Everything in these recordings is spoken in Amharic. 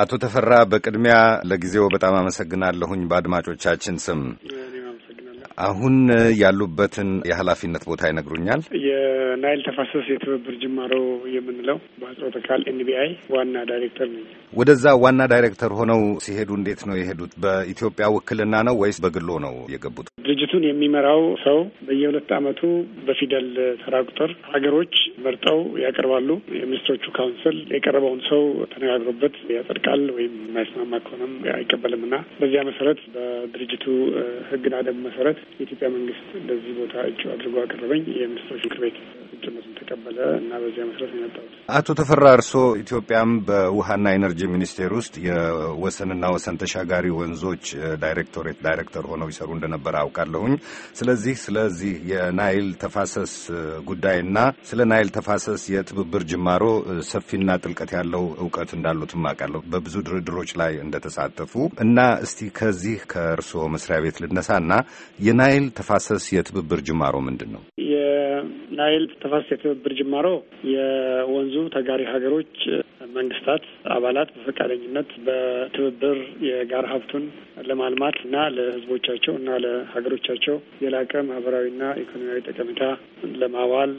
አቶ ተፈራ በቅድሚያ ለጊዜው በጣም አመሰግናለሁኝ በአድማጮቻችን ስም። አሁን ያሉበትን የኃላፊነት ቦታ ይነግሩኛል? የናይል ተፋሰስ የትብብር ጅማሮ የምንለው በአጽሮተ ቃል ኤንቢአይ ዋና ዳይሬክተር ነኝ። ወደዛ ዋና ዳይሬክተር ሆነው ሲሄዱ እንዴት ነው የሄዱት? በኢትዮጵያ ውክልና ነው ወይስ በግሎ ነው የገቡት? ድርጅቱን የሚመራው ሰው በየሁለት ዓመቱ በፊደል ተራ ቁጥር ሀገሮች መርጠው ያቀርባሉ። የሚኒስትሮቹ ካውንስል የቀረበውን ሰው ተነጋግሮበት ያጸድቃል ወይም የማይስማማ ከሆነም አይቀበልም እና በዚያ መሰረት በድርጅቱ ሕግና ደንብ መሰረት የኢትዮጵያ መንግስት ለዚህ ቦታ እጩ አድርጎ አቀረበኝ። የሚኒስትሮች ምክር ቤት እጩነቱን ተቀበለ እና በዚያ መሰረት ነው የመጣሁት። አቶ ተፈራ እርስዎ ኢትዮጵያም በውሃና ኤነርጂ ሚኒስቴር ውስጥ የወሰንና ወሰን ተሻጋሪ ወንዞች ዳይሬክቶሬት ዳይሬክተር ሆነው ይሰሩ እንደነበረ አውቃለሁኝ። ስለዚህ ስለዚህ የናይል ተፋሰስ ጉዳይና ስለ ናይል ተፋሰስ የትብብር ጅማሮ ሰፊና ጥልቀት ያለው እውቀት እንዳሉትም አውቃለሁ በብዙ ድርድሮች ላይ እንደተሳተፉ እና እስቲ ከዚህ ከእርስዎ መስሪያ ቤት ልነሳና የናይል ተፋሰስ የትብብር ጅማሮ ምንድን ነው? የናይል ተፋሰስ የትብብር ጅማሮ የወንዙ ተጋሪ ሀገሮች መንግስታት አባላት በፈቃደኝነት በትብብር የጋራ ሀብቱን ለማልማት እና ለህዝቦቻቸው እና ለሀገሮቻቸው የላቀ ማህበራዊና ኢኮኖሚያዊ ጠቀሜታ ለማዋል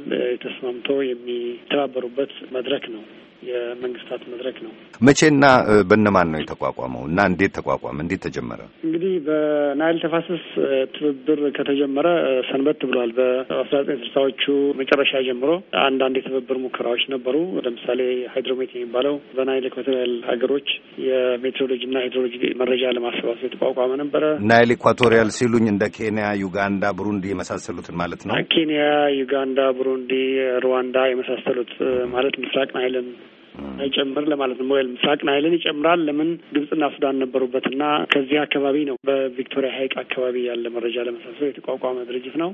ተስማምቶ የሚተባበሩበት መድረክ ነው። የመንግስታት መድረክ ነው። መቼና በነማን ነው የተቋቋመው እና እንዴት ተቋቋመ? እንዴት ተጀመረ? እንግዲህ በናይል ተፋሰስ ትብብር ከተጀመረ ሰንበት ብሏል። በአስራ ዘጠኝ ስልሳዎቹ መጨረሻ ጀምሮ አንዳንድ የትብብር ሙከራዎች ነበሩ። ለምሳሌ ሃይድሮሜት የሚባለው በናይል ኢኳቶሪያል ሀገሮች የሜትሮሎጂና ሃይድሮሎጂ መረጃ ለማሰባሰብ የተቋቋመ ነበረ። ናይል ኢኳቶሪያል ሲሉኝ እንደ ኬንያ፣ ዩጋንዳ፣ ብሩንዲ የመሳሰሉትን ማለት ነው። ኬንያ፣ ዩጋንዳ፣ ቡሩንዲ፣ ሩዋንዳ የመሳሰሉት ማለት ምስራቅ ናይልን አይጨምር ለማለት ነው። ወይም ምስራቅ ናይልን ይጨምራል። ለምን ግብጽና ሱዳን ነበሩበት እና ከዚህ አካባቢ ነው በቪክቶሪያ ሀይቅ አካባቢ ያለ መረጃ ለመሳሰብ የተቋቋመ ድርጅት ነው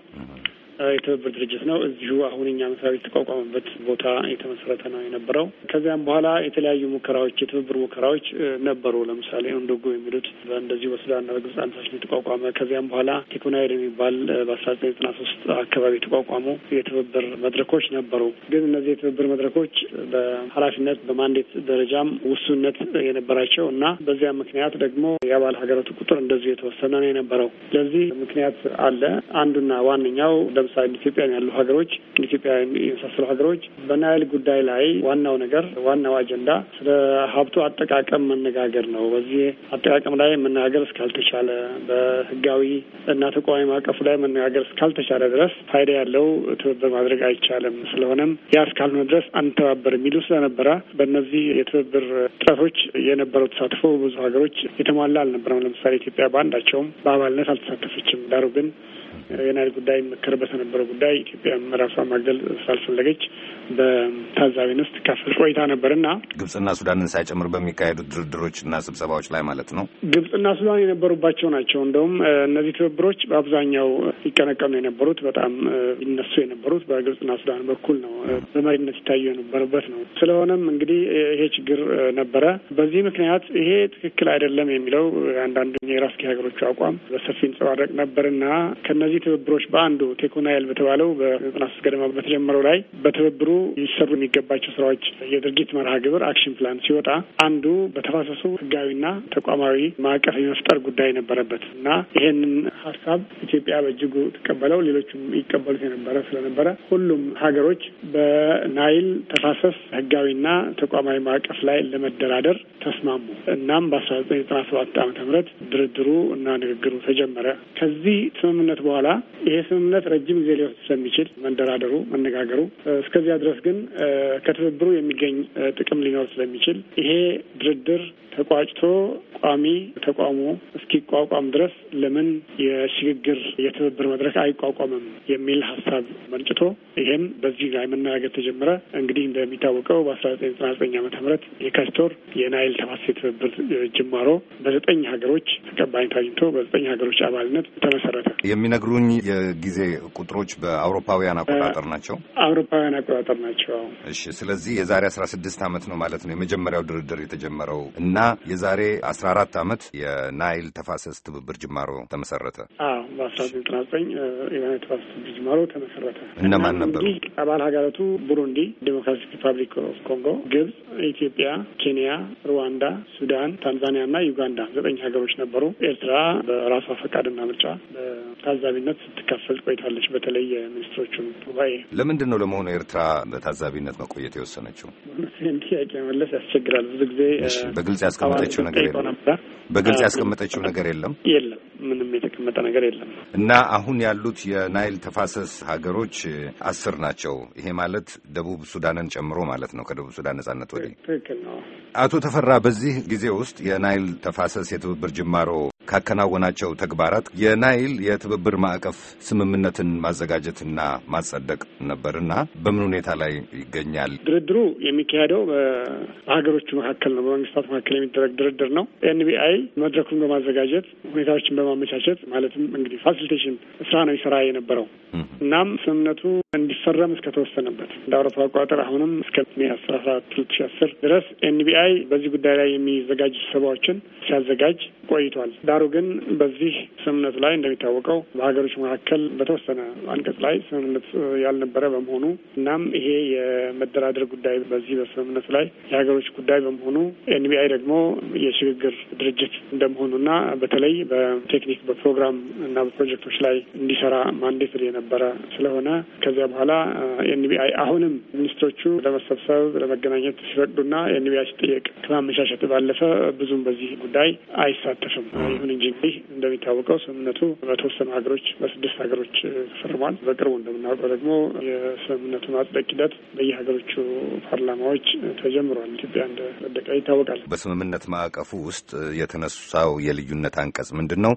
የትብብር ድርጅት ነው። እዚሁ አሁን እኛ መስሪያ ቤት የተቋቋመበት ቦታ የተመሰረተ ነው የነበረው። ከዚያም በኋላ የተለያዩ ሙከራዎች፣ የትብብር ሙከራዎች ነበሩ። ለምሳሌ ኡንዶጎ የሚሉት እንደዚሁ በሱዳንና በግብጽ አነሳሽነት የተቋቋመ ከዚያም በኋላ ቴኮናይድ የሚባል በአስራ ዘጠኝ ዘጠና ሶስት አካባቢ የተቋቋሙ የትብብር መድረኮች ነበሩ። ግን እነዚህ የትብብር መድረኮች በኃላፊነት በማንዴት ደረጃም ውሱነት የነበራቸው እና በዚያ ምክንያት ደግሞ የአባል ሀገራቱ ቁጥር እንደዚሁ የተወሰነ ነው የነበረው። ለዚህ ምክንያት አለ። አንዱና ዋነኛው ለምሳሌ ኢትዮጵያን ያሉ ሀገሮች ኢትዮጵያ የመሳሰሉ ሀገሮች በናይል ጉዳይ ላይ ዋናው ነገር ዋናው አጀንዳ ስለ ሀብቱ አጠቃቀም መነጋገር ነው። በዚህ አጠቃቀም ላይ መነጋገር እስካልተቻለ በህጋዊ እና ተቋሚ ማዕቀፉ ላይ መነጋገር እስካልተቻለ ድረስ ፋይዳ ያለው ትብብር ማድረግ አይቻልም። ስለሆነም ያ እስካልሆነ ድረስ አንተባበር የሚሉ ስለነበረ በእነዚህ የትብብር ጥረቶች የነበረው ተሳትፎ ብዙ ሀገሮች የተሟላ አልነበረም። ለምሳሌ ኢትዮጵያ በአንዳቸውም በአባልነት አልተሳተፈችም። ዳሩ ግን የናይል ጉዳይ ምክር በተነበረው ጉዳይ ኢትዮጵያ ራሷን ማግለል ስላልፈለገች በታዛቢነት ስትካፈል ቆይታ ነበር እና ግብጽና ሱዳንን ሳይጨምር በሚካሄዱት ድርድሮች እና ስብሰባዎች ላይ ማለት ነው ግብጽና ሱዳን የነበሩባቸው ናቸው። እንደውም እነዚህ ትብብሮች በአብዛኛው ይቀነቀኑ የነበሩት በጣም ይነሱ የነበሩት በግብጽና ሱዳን በኩል ነው፣ በመሪነት ይታዩ የነበረበት ነው። ስለሆነም እንግዲህ ይሄ ችግር ነበረ። በዚህ ምክንያት ይሄ ትክክል አይደለም የሚለው አንዳንድ የራስጌ ሀገሮቹ አቋም በሰፊ ይንጸባረቅ ነበርና ከነ እነዚህ ትብብሮች በአንዱ ቴኮናይል በተባለው በዘጠና ሶስት ገደማ በተጀመረው ላይ በትብብሩ ሊሰሩ የሚገባቸው ስራዎች የድርጊት መርሃ ግብር አክሽን ፕላን ሲወጣ አንዱ በተፋሰሱ ህጋዊና ተቋማዊ ማዕቀፍ የመፍጠር ጉዳይ ነበረበት እና ይሄንን ሀሳብ ኢትዮጵያ በእጅጉ ትቀበለው ሌሎችም ይቀበሉት የነበረ ስለነበረ ሁሉም ሀገሮች በናይል ተፋሰስ ህጋዊና ተቋማዊ ማዕቀፍ ላይ ለመደራደር ተስማሙ። እናም በአስራ ዘጠኝ ዘጠና ሰባት ዓመተ ምህረት ድርድሩ እና ንግግሩ ተጀመረ። ከዚህ ስምምነት በኋላ በኋላ ይሄ ስምምነት ረጅም ጊዜ ሊወስድ ስለሚችል መንደራደሩ፣ መነጋገሩ እስከዚያ ድረስ ግን ከትብብሩ የሚገኝ ጥቅም ሊኖር ስለሚችል ይሄ ድርድር ተቋጭቶ ቋሚ ተቋሙ እስኪቋቋም ድረስ ለምን የሽግግር የትብብር መድረክ አይቋቋምም የሚል ሀሳብ መንጭቶ ይሄም በዚህ ላይ መነጋገር ተጀመረ። እንግዲህ እንደሚታወቀው በአስራ ዘጠኝ ዘጠና ዘጠኝ ዓመተ ምህረት የካስቶር የናይል ተፋሰስ የትብብር ጅማሮ በዘጠኝ ሀገሮች ተቀባይነት አግኝቶ በዘጠኝ ሀገሮች አባልነት ተመሰረተ። የምትነግሩኝ የጊዜ ቁጥሮች በአውሮፓውያን አቆጣጠር ናቸው? አውሮፓውያን አቆጣጠር ናቸው። እሺ። ስለዚህ የዛሬ አስራ ስድስት ዓመት ነው ማለት ነው የመጀመሪያው ድርድር የተጀመረው እና የዛሬ አስራ አራት ዓመት የናይል ተፋሰስ ትብብር ጅማሮ ተመሰረተ። አዎ፣ በአስራ ዘጠና ዘጠኝ የናይል ተፋሰስ ትብብር ጅማሮ ተመሰረተ። እነማን ነበሩ አባል ሀገራቱ? ቡሩንዲ፣ ዴሞክራቲክ ሪፐብሊክ ኦፍ ኮንጎ፣ ግብጽ፣ ኢትዮጵያ፣ ኬንያ፣ ሩዋንዳ፣ ሱዳን፣ ታንዛኒያ እና ዩጋንዳ ዘጠኝ ሀገሮች ነበሩ። ኤርትራ በራሷ ፈቃድና ምርጫ በታዛቢ በታዛቢነት ስትካፈል ቆይታለች። በተለይ የሚኒስትሮቹን ጉባኤ ለምንድን ነው ለመሆኑ ኤርትራ በታዛቢነት መቆየት የወሰነችው? ይህን ጥያቄ መለስ ያስቸግራል። ብዙ ጊዜ በግልጽ ያስቀመጠችው ነገር የለም። በግልጽ ያስቀመጠችው ነገር የለም የለም ምንም የተቀመጠ ነገር የለም እና አሁን ያሉት የናይል ተፋሰስ ሀገሮች አስር ናቸው። ይሄ ማለት ደቡብ ሱዳንን ጨምሮ ማለት ነው። ከደቡብ ሱዳን ነጻነት ወዲህ ትክክል ነው። አቶ ተፈራ በዚህ ጊዜ ውስጥ የናይል ተፋሰስ የትብብር ጅማሮ ካከናወናቸው ተግባራት የናይል የትብብር ማዕቀፍ ስምምነትን ማዘጋጀትና ማጸደቅ ነበርና በምን ሁኔታ ላይ ይገኛል? ድርድሩ የሚካሄደው በሀገሮቹ መካከል ነው፣ በመንግስታት መካከል የሚደረግ ድርድር ነው። ኤንቢአይ መድረኩን በማዘጋጀት ሁኔታዎችን በማመቻቸት ማለትም እንግዲህ ፋሲሊቴሽን ስራ ነው ይሰራ የነበረው። እናም ስምምነቱ እንዲፈረም እስከተወሰነበት እንደ አውሮፓ አቆጣጠር አሁንም እስከ ሜ አስራ አራት ሁለት ሺ አስር ድረስ ኤንቢአይ በዚህ ጉዳይ ላይ የሚዘጋጅ ስብሰባዎችን ሲያዘጋጅ ቆይቷል። ዳሩ ግን በዚህ ስምምነቱ ላይ እንደሚታወቀው በሀገሮች መካከል በተወሰነ አንቀጽ ላይ ስምምነት ያልነበረ በመሆኑ እናም ይሄ የመደራደር ጉዳይ በዚህ በስምምነት ላይ የሀገሮች ጉዳይ በመሆኑ ኤንቢአይ ደግሞ የሽግግር ድርጅት እንደመሆኑና በተለይ በቴክኒክ በፕሮግራም እና በፕሮጀክቶች ላይ እንዲሰራ ማንዴት የነበረ ስለሆነ ከዚያ በኋላ ኤንቢአይ አሁንም ሚኒስትሮቹ ለመሰብሰብ ለመገናኘት ሲፈቅዱና ኤንቢአይ ሲጠየቅ ከማመቻቸት ባለፈ ብዙም በዚህ ጉዳይ አይሳተፍም። ይሁን እንጂ እንግዲህ እንደሚታወቀው ስምምነቱ በተወሰኑ ሀገሮች በስድስት ሀገሮች ተፈርሟል። በቅርቡ እንደምናውቀው ደግሞ የስምምነቱ ማጽደቅ ሂደት በየሀገሮቹ ፓርላማዎች ተጀምሯል። ኢትዮጵያ እንደጸደቀ ይታወቃል። በስምምነት ማዕቀፉ ውስጥ የተነሳው የልዩነት አንቀጽ ምንድን ነው?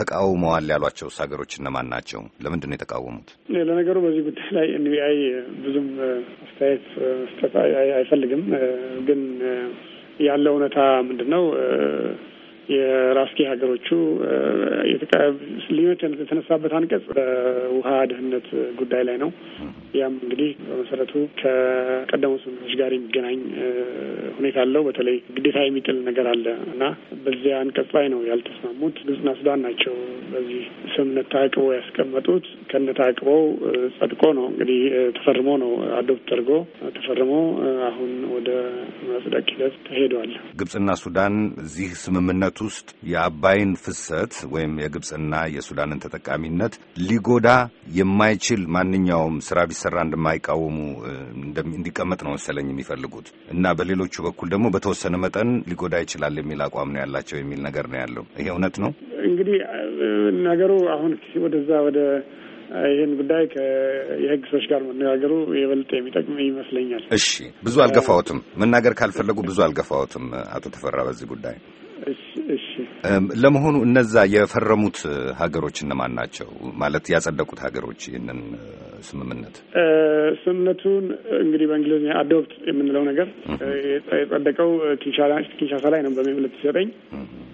ተቃውመዋል ያሏቸው ሀገሮች እነማን ናቸው? ለምንድን ነው የተቃወሙት? ለነገሩ በዚህ ጉዳይ ላይ ኤንቢአይ ብዙም አስተያየት መስጠት አይፈልግም። ግን ያለው እውነታ ምንድን ነው? የራስጌ ሀገሮቹ ልዩነት የተነሳበት አንቀጽ በውሃ ድህነት ጉዳይ ላይ ነው። ያም እንግዲህ በመሰረቱ ከቀደሙ ስምምነቶች ጋር የሚገናኝ ሁኔታ አለው። በተለይ ግዴታ የሚጥል ነገር አለ እና በዚያ አንቀጽ ላይ ነው ያልተስማሙት። ግብጽና ሱዳን ናቸው በዚህ ስምምነት ታቅቦ ያስቀመጡት። ከነ ታቅቦው ጸድቆ ነው እንግዲህ ተፈርሞ ነው አዶፕት ተደርጎ ተፈርሞ አሁን ወደ መጽደቅ ሂደት ተሄደዋል። ግብጽና ሱዳን እዚህ ስምምነት ሂደት ውስጥ የአባይን ፍሰት ወይም የግብፅና የሱዳንን ተጠቃሚነት ሊጎዳ የማይችል ማንኛውም ስራ ቢሰራ እንደማይቃወሙ እንዲቀመጥ ነው መሰለኝ የሚፈልጉት እና በሌሎቹ በኩል ደግሞ በተወሰነ መጠን ሊጎዳ ይችላል የሚል አቋም ነው ያላቸው የሚል ነገር ነው ያለው። ይሄ እውነት ነው። እንግዲህ ነገሩ አሁን ወደዛ ወደ ይህን ጉዳይ የህግ ሰዎች ጋር መነጋገሩ የበለጠ የሚጠቅም ይመስለኛል። እሺ፣ ብዙ አልገፋዎትም። መናገር ካልፈለጉ ብዙ አልገፋዎትም። አቶ ተፈራ በዚህ ጉዳይ እሺ ለመሆኑ እነዛ የፈረሙት ሀገሮች እነማን ናቸው? ማለት ያጸደቁት ሀገሮች ይህንን ስምምነት? ስምምነቱን እንግዲህ በእንግሊዝኛ አዶፕት የምንለው ነገር የጸደቀው ኪንሻሳ ላይ ነው በሜ ሁለት ዘጠኝ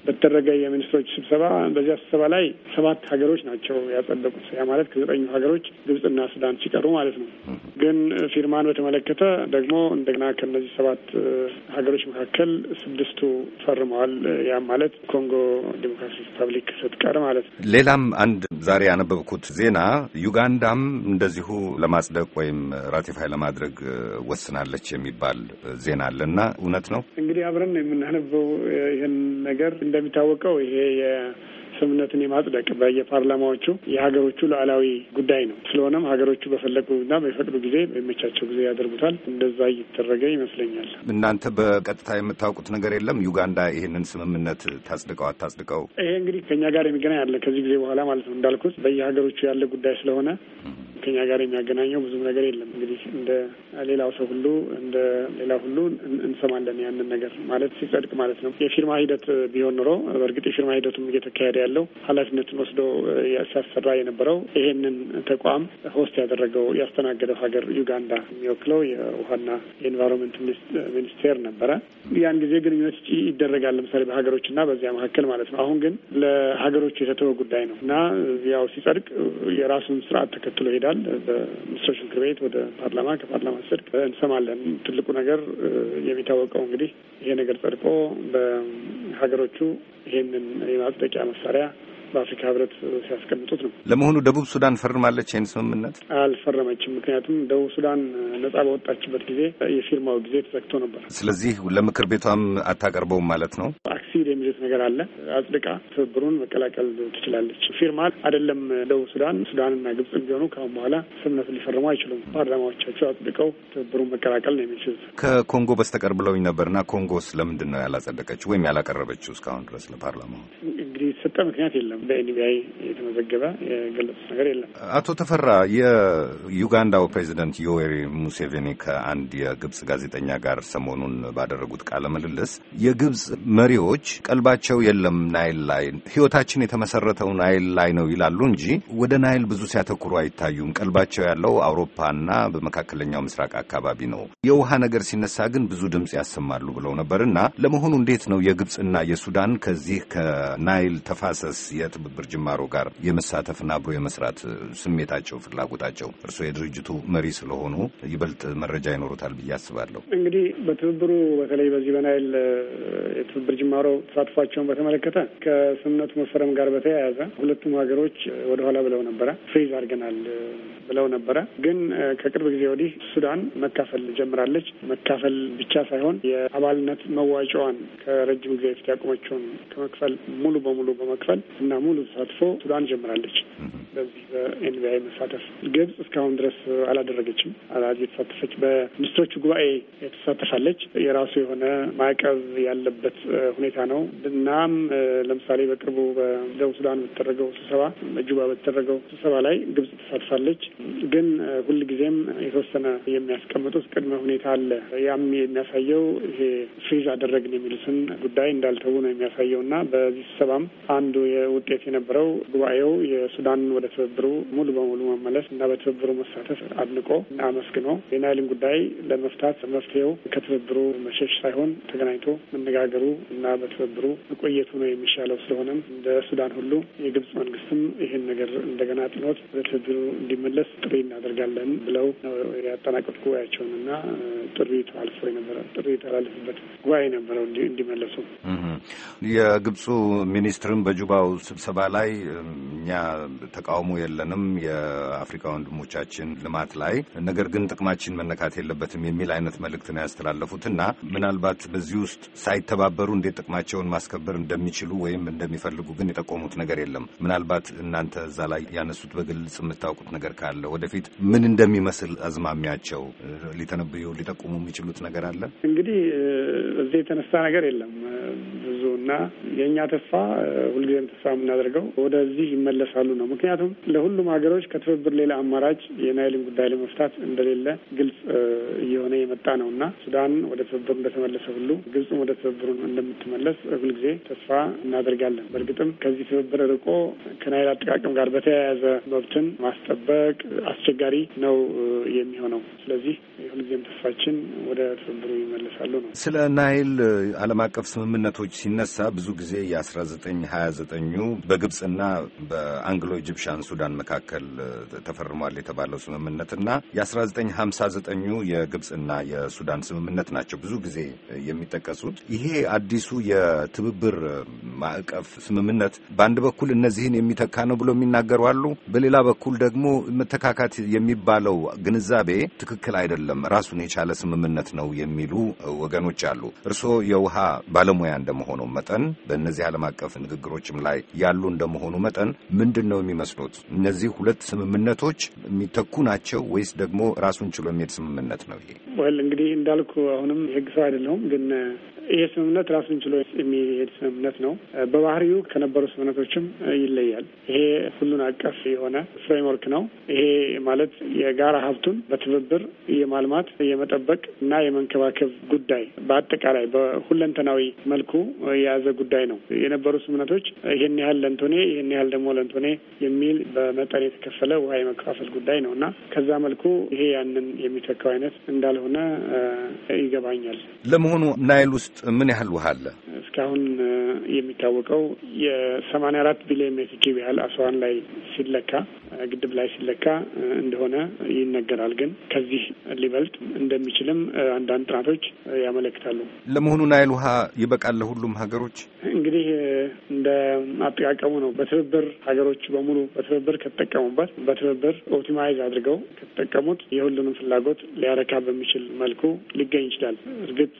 በተደረገ የሚኒስትሮች ስብሰባ። በዚያ ስብሰባ ላይ ሰባት ሀገሮች ናቸው ያጸደቁት። ያ ማለት ከዘጠኙ ሀገሮች ግብጽና ሱዳን ሲቀሩ ማለት ነው። ግን ፊርማን በተመለከተ ደግሞ እንደገና ከነዚህ ሰባት ሀገሮች መካከል ስድስቱ ፈርመዋል። ያም ማለት ኮንጎ ዲሞክራሲ ሪፐብሊክ ስትቀር ማለት ነው። ሌላም አንድ ዛሬ ያነበብኩት ዜና ዩጋንዳም እንደዚ እንደዚሁ ለማጽደቅ ወይም ራቲፋይ ለማድረግ ወስናለች የሚባል ዜና አለ እውነት ነው እንግዲህ አብረን የምናነበው ይህን ነገር እንደሚታወቀው ይሄ ስምምነትን የማጽደቅ በየፓርላማዎቹ የሀገሮቹ ሉዓላዊ ጉዳይ ነው። ስለሆነም ሀገሮቹ በፈለጉና በፈቅዱ ጊዜ በሚመቻቸው ጊዜ ያደርጉታል። እንደዛ እየተደረገ ይመስለኛል። እናንተ በቀጥታ የምታውቁት ነገር የለም? ዩጋንዳ ይህንን ስምምነት ታጽድቀው አታጽድቀው? ይሄ እንግዲህ ከእኛ ጋር የሚገናኝ አለ ከዚህ ጊዜ በኋላ ማለት ነው። እንዳልኩት በየሀገሮቹ ያለ ጉዳይ ስለሆነ ከኛ ጋር የሚያገናኘው ብዙም ነገር የለም። እንግዲህ እንደ ሌላው ሰው ሁሉ እንደ ሌላ ሁሉ እንሰማለን ያንን ነገር ማለት ሲጸድቅ ማለት ነው። የፊርማ ሂደት ቢሆን ኖሮ በእርግጥ የፊርማ ሂደቱም እየተካሄደ ያለው ኃላፊነትን ወስዶ ሲያሰራ የነበረው ይሄንን ተቋም ሆስት ያደረገው ያስተናገደው ሀገር ዩጋንዳ የሚወክለው የውሃና የኤንቫይሮንመንት ሚኒስቴር ነበረ። ያን ጊዜ ግንኙነት ይደረጋል፣ ለምሳሌ በሀገሮችና በዚያ መካከል ማለት ነው። አሁን ግን ለሀገሮቹ የተተወ ጉዳይ ነው እና ያው ሲጸድቅ የራሱን ስርዓት ተከትሎ ሄዳል። ይደረጋል። በሚኒስትሮች ምክር ቤት ወደ ፓርላማ፣ ከፓርላማ ስር እንሰማለን። ትልቁ ነገር የሚታወቀው እንግዲህ ይሄ ነገር ጸድቆ በሀገሮቹ ይህንን የማጽደቂያ መሳሪያ በአፍሪካ ህብረት ሲያስቀምጡት ነው። ለመሆኑ ደቡብ ሱዳን ፈርማለች ይህን ስምምነት? አልፈረመችም። ምክንያቱም ደቡብ ሱዳን ነጻ በወጣችበት ጊዜ የፊርማው ጊዜ ተዘግቶ ነበር። ስለዚህ ለምክር ቤቷም አታቀርበውም ማለት ነው። አክሲድ የሚሉት ነገር አለ። አጽድቃ ትብብሩን መቀላቀል ትችላለች። ፊርማ አይደለም ደቡብ ሱዳን ሱዳንና ግብጽ ቢሆኑ ከአሁን በኋላ ስምምነቱን ሊፈርሙ አይችሉም። ፓርላማዎቻቸው አጽድቀው ትብብሩን መቀላቀል ነው የሚችሉት። ከኮንጎ በስተቀር ብለውኝ ነበርና ኮንጎስ ለምንድን ነው ያላጸደቀችው ወይም ያላቀረበችው እስካሁን ድረስ ለፓርላማ? እንግዲህ የተሰጠ ምክንያት የለም። በኤንቢአይ የተመዘገበ የገለጹት ነገር የለም። አቶ ተፈራ የዩጋንዳው ፕሬዚደንት ዮዌሪ ሙሴቬኒ ከአንድ የግብጽ ጋዜጠኛ ጋር ሰሞኑን ባደረጉት ቃለ ምልልስ የግብጽ መሪዎች ቀልባቸው የለም ናይል ላይ ህይወታችን የተመሰረተው ናይል ላይ ነው ይላሉ እንጂ ወደ ናይል ብዙ ሲያተኩሩ አይታዩም። ቀልባቸው ያለው አውሮፓና በመካከለኛው ምስራቅ አካባቢ ነው። የውሃ ነገር ሲነሳ ግን ብዙ ድምፅ ያሰማሉ ብለው ነበር እና ለመሆኑ እንዴት ነው የግብፅና የሱዳን ከዚህ ከናይል ናይል ተፋሰስ የትብብር ጅማሮ ጋር የመሳተፍና አብሮ የመስራት ስሜታቸው፣ ፍላጎታቸው እርስዎ የድርጅቱ መሪ ስለሆኑ ይበልጥ መረጃ ይኖሩታል ብዬ አስባለሁ። እንግዲህ በትብብሩ በተለይ በዚህ በናይል የትብብር ጅማሮ ተሳትፏቸውን በተመለከተ ከስምምነቱ መፈረም ጋር በተያያዘ ሁለቱም ሀገሮች ወደኋላ ብለው ነበረ። ፍሪዝ አድርገናል ብለው ነበረ። ግን ከቅርብ ጊዜ ወዲህ ሱዳን መካፈል ጀምራለች። መካፈል ብቻ ሳይሆን የአባልነት መዋጫዋን ከረጅም ጊዜ በፊት ያቆመችውን ከመክፈል ሙሉ በሙሉ በሙሉ በመክፈል እና ሙሉ ተሳትፎ ሱዳን ጀምራለች። በዚህ በኤንቢአይ መሳተፍ ግብጽ እስካሁን ድረስ አላደረገችም፣ የተሳተፈች በሚኒስትሮቹ ጉባኤ የተሳተፋለች። የራሱ የሆነ ማዕቀብ ያለበት ሁኔታ ነው። እናም ለምሳሌ በቅርቡ በደቡብ ሱዳን በተደረገው ስብሰባ፣ በጁባ በተደረገው ስብሰባ ላይ ግብጽ ተሳትፋለች። ግን ሁልጊዜም የተወሰነ የሚያስቀምጡት ቅድመ ሁኔታ አለ። ያም የሚያሳየው ይሄ ፍሪዝ አደረግን የሚሉትን ጉዳይ እንዳልተዉ ነው የሚያሳየው እና በዚህ ስብሰባም አንዱ ውጤት የነበረው ጉባኤው የሱዳንን ወደ ትብብሩ ሙሉ በሙሉ መመለስ እና በትብብሩ መሳተፍ አድንቆ አመስግኖ የናይልን ጉዳይ ለመፍታት መፍትሄው ከትብብሩ መሸሽ ሳይሆን ተገናኝቶ መነጋገሩ እና በትብብሩ መቆየቱ ነው የሚሻለው። ስለሆነም እንደ ሱዳን ሁሉ የግብጽ መንግስትም ይህን ነገር እንደገና ጥኖት ወደ ትብብሩ እንዲመለስ ጥሪ እናደርጋለን ብለው ነው ያጠናቀቁት ጉባኤያቸውን እና ጥሪ ተላልፎ የነበረ ጥሪ የተላለፍበት ጉባኤ ነበረው እንዲመለሱ የግብፁ ሚኒስ ሚኒስትርም በጁባው ስብሰባ ላይ እኛ ተቃውሞ የለንም የአፍሪካ ወንድሞቻችን ልማት ላይ ነገር ግን ጥቅማችን መነካት የለበትም የሚል አይነት መልእክት ነው ያስተላለፉት እና ምናልባት በዚህ ውስጥ ሳይተባበሩ እንዴት ጥቅማቸውን ማስከበር እንደሚችሉ ወይም እንደሚፈልጉ ግን የጠቆሙት ነገር የለም። ምናልባት እናንተ እዛ ላይ ያነሱት በግልጽ የምታውቁት ነገር ካለ ወደፊት ምን እንደሚመስል አዝማሚያቸው ሊተነብዩ ሊጠቁሙ የሚችሉት ነገር አለ። እንግዲህ እዚህ የተነሳ ነገር የለም። እና የእኛ ተስፋ ሁልጊዜም ተስፋ የምናደርገው ወደዚህ ይመለሳሉ ነው። ምክንያቱም ለሁሉም ሀገሮች ከትብብር ሌላ አማራጭ የናይልን ጉዳይ ለመፍታት እንደሌለ ግልጽ እየሆነ የመጣ ነው እና ሱዳን ወደ ትብብሩ እንደተመለሰ ሁሉ ግብፅም ወደ ትብብሩ እንደምትመለስ ሁልጊዜ ተስፋ እናደርጋለን። በእርግጥም ከዚህ ትብብር ርቆ ከናይል አጠቃቀም ጋር በተያያዘ መብትን ማስጠበቅ አስቸጋሪ ነው የሚሆነው። ስለዚህ የሁልጊዜም ተስፋችን ወደ ትብብሩ ይመለሳሉ ነው። ስለ ናይል ዓለም አቀፍ ስምምነቶች ሲነሳ ብዙ ጊዜ የ1929ኙ በግብፅና በአንግሎ ኢጅፕሻን ሱዳን መካከል ተፈርሟል የተባለው ስምምነትና የ1959ኙ የግብፅና የሱዳን ስምምነት ናቸው ብዙ ጊዜ የሚጠቀሱት። ይሄ አዲሱ የትብብር ማዕቀፍ ስምምነት በአንድ በኩል እነዚህን የሚተካ ነው ብሎ የሚናገሩ አሉ። በሌላ በኩል ደግሞ መተካካት የሚባለው ግንዛቤ ትክክል አይደለም፣ ራሱን የቻለ ስምምነት ነው የሚሉ ወገኖች አሉ። እርስዎ የውሃ ባለሙያ እንደመሆነው መጠን በእነዚህ ዓለም አቀፍ ንግግሮችም ላይ ያሉ እንደመሆኑ መጠን ምንድን ነው የሚመስሉት እነዚህ ሁለት ስምምነቶች የሚተኩ ናቸው ወይስ ደግሞ ራሱን ችሎ የሚሄድ ስምምነት ነው? ይሄ ወል እንግዲህ እንዳልኩ አሁንም የህግ ሰው አይደለሁም ግን ይህ ስምምነት ራሱን ችሎ የሚሄድ ስምምነት ነው። በባህሪው ከነበሩ ስምምነቶችም ይለያል። ይሄ ሁሉን አቀፍ የሆነ ፍሬምወርክ ነው። ይሄ ማለት የጋራ ሀብቱን በትብብር የማልማት የመጠበቅ እና የመንከባከብ ጉዳይ በአጠቃላይ በሁለንተናዊ መልኩ የያዘ ጉዳይ ነው። የነበሩ ስምምነቶች ይህን ያህል ለንቶኔ፣ ይህን ያህል ደግሞ ለንቶኔ የሚል በመጠን የተከፈለ ውሃ የመከፋፈል ጉዳይ ነው እና ከዛ መልኩ ይሄ ያንን የሚተካው አይነት እንዳልሆነ ይገባኛል። ለመሆኑ ናይል ውስጥ ምን ያህል ውሃ አለ? እስካሁን የሚታወቀው የሰማንያ አራት ቢሊዮን ሜትሪክ ኪዩብ ያህል አስዋን ላይ ሲለካ ግድብ ላይ ሲለካ እንደሆነ ይነገራል። ግን ከዚህ ሊበልጥ እንደሚችልም አንዳንድ ጥናቶች ያመለክታሉ። ለመሆኑ ናይል ውሃ ይበቃል ለሁሉም ሀገሮች? እንግዲህ እንደ አጠቃቀሙ ነው። በትብብር ሀገሮች በሙሉ በትብብር ከተጠቀሙበት፣ በትብብር ኦፕቲማይዝ አድርገው ከተጠቀሙት የሁሉንም ፍላጎት ሊያረካ በሚችል መልኩ ሊገኝ ይችላል። እርግጥ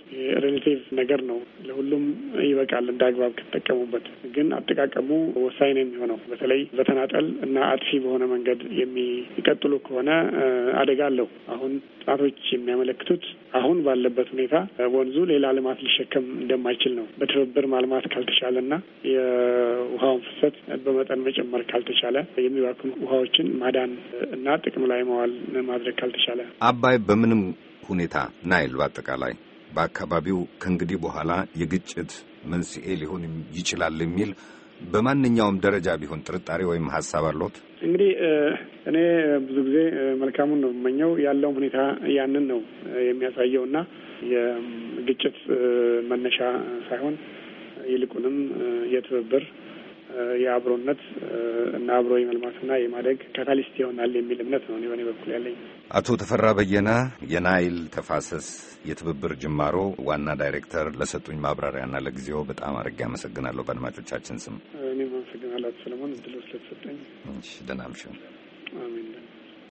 ሬሌቲቭ ነገር ነው። ለሁሉም ይበቃል እንደ አግባብ ከተጠቀሙበት። ግን አጠቃቀሙ ወሳኝ ነው የሚሆነው። በተለይ በተናጠል እና አጥፊ በሆነ መንገድ የሚቀጥሉ ከሆነ አደጋ አለው። አሁን ጥናቶች የሚያመለክቱት አሁን ባለበት ሁኔታ ወንዙ ሌላ ልማት ሊሸከም እንደማይችል ነው። በትብብር ማልማት ካልተቻለ እና የውሃውን ፍሰት በመጠን መጨመር ካልተቻለ የሚባክኑ ውሃዎችን ማዳን እና ጥቅም ላይ መዋል ማድረግ ካልተቻለ አባይ በምንም ሁኔታ ናይል በአጠቃላይ በአካባቢው ከእንግዲህ በኋላ የግጭት መንስኤ ሊሆን ይችላል የሚል በማንኛውም ደረጃ ቢሆን ጥርጣሬ ወይም ሀሳብ አለት እንግዲህ እኔ ብዙ ጊዜ መልካሙን ነው የምመኘው። ያለውን ሁኔታ ያንን ነው የሚያሳየው እና የግጭት መነሻ ሳይሆን ይልቁንም የትብብር የአብሮነት እና አብሮ የመልማትና የማደግ ካታሊስት ይሆናል የሚል እምነት ነው በእኔ በኩል ያለኝ። አቶ ተፈራ በየነ የናይል ተፋሰስ የትብብር ጅማሮ ዋና ዳይሬክተር ለሰጡኝ ማብራሪያና ለጊዜው በጣም አድርጌ አመሰግናለሁ። በአድማጮቻችን ስም እኔም አመሰግናለሁ ሰለሞን፣ እድሉ ስለተሰጠኝ። ደህና እምሽው። አሜን።